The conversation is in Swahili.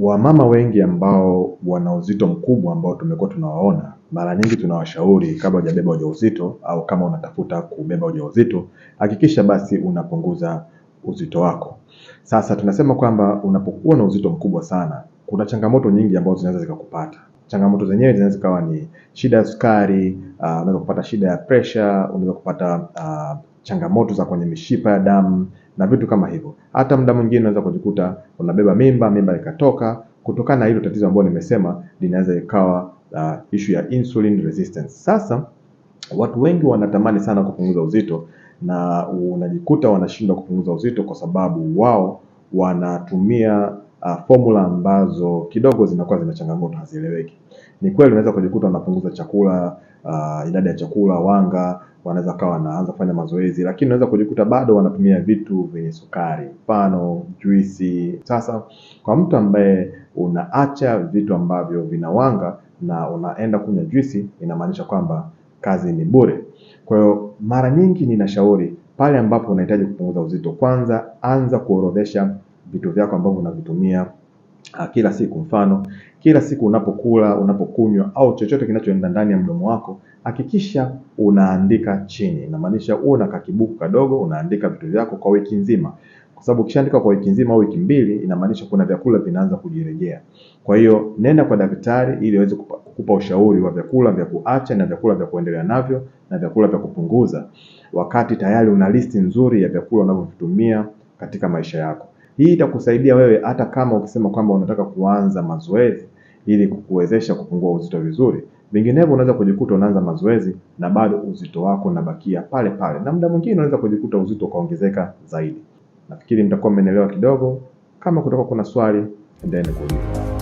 Wamama wengi ambao wana uzito mkubwa ambao tumekuwa tunawaona, mara nyingi tunawashauri kabla hujabeba ujauzito au kama unatafuta kubeba ujauzito, hakikisha basi unapunguza uzito wako. Sasa tunasema kwamba unapokuwa na uzito mkubwa sana, kuna changamoto nyingi ambazo zinaweza zikakupata. Changamoto zenyewe zinaweza kawa ni shida ya sukari, uh, unaweza kupata shida ya pressure, unaweza kupata uh, changamoto za kwenye mishipa ya damu na vitu kama hivyo. Hata muda mwingine unaweza kujikuta unabeba mimba, mimba ikatoka. Kutokana na hilo tatizo ambalo nimesema, linaweza ikawa uh, issue ya insulin resistance. Sasa watu wengi wanatamani sana kupunguza uzito na unajikuta wanashindwa kupunguza uzito kwa sababu wao wanatumia uh, formula ambazo kidogo zinakuwa zina changamoto, hazieleweki. Ni kweli unaweza kujikuta unapunguza chakula uh, idadi ya chakula, wanga wanaweza kawa wanaanza kufanya mazoezi, lakini unaweza kujikuta bado wanatumia vitu vyenye sukari, mfano juisi. Sasa kwa mtu ambaye unaacha vitu ambavyo vina wanga na unaenda kunywa juisi, inamaanisha kwamba kazi ni bure. Kwa hiyo mara nyingi ninashauri pale ambapo unahitaji kupunguza uzito, kwanza anza kuorodhesha vitu vyako ambavyo unavitumia ah, kila siku. Mfano, kila siku unapokula, unapokunywa au chochote kinachoenda ndani ya mdomo wako, hakikisha unaandika chini. Inamaanisha uwe na kakibuku kadogo, unaandika vitu vyako kwa wiki nzima, kwa sababu ukishaandika kwa wiki nzima au wiki mbili, inamaanisha kuna vyakula vinaanza kujirejea. Kwa hiyo nenda kwa daktari ili aweze kukupa ushauri wa vyakula vya kuacha na vyakula vya kuendelea navyo na vyakula vya kupunguza, wakati tayari una listi nzuri ya vyakula unavyovitumia katika maisha yako. Hii itakusaidia wewe hata kama ukisema kwamba unataka kuanza mazoezi ili kukuwezesha kupungua uzito vizuri. Vinginevyo unaweza kujikuta unaanza mazoezi na bado uzito wako unabakia pale pale, na muda mwingine unaweza kujikuta uzito ukaongezeka zaidi. Nafikiri mtakuwa mmenielewa kidogo. Kama kutoka kuna swali, endeni kuuliza.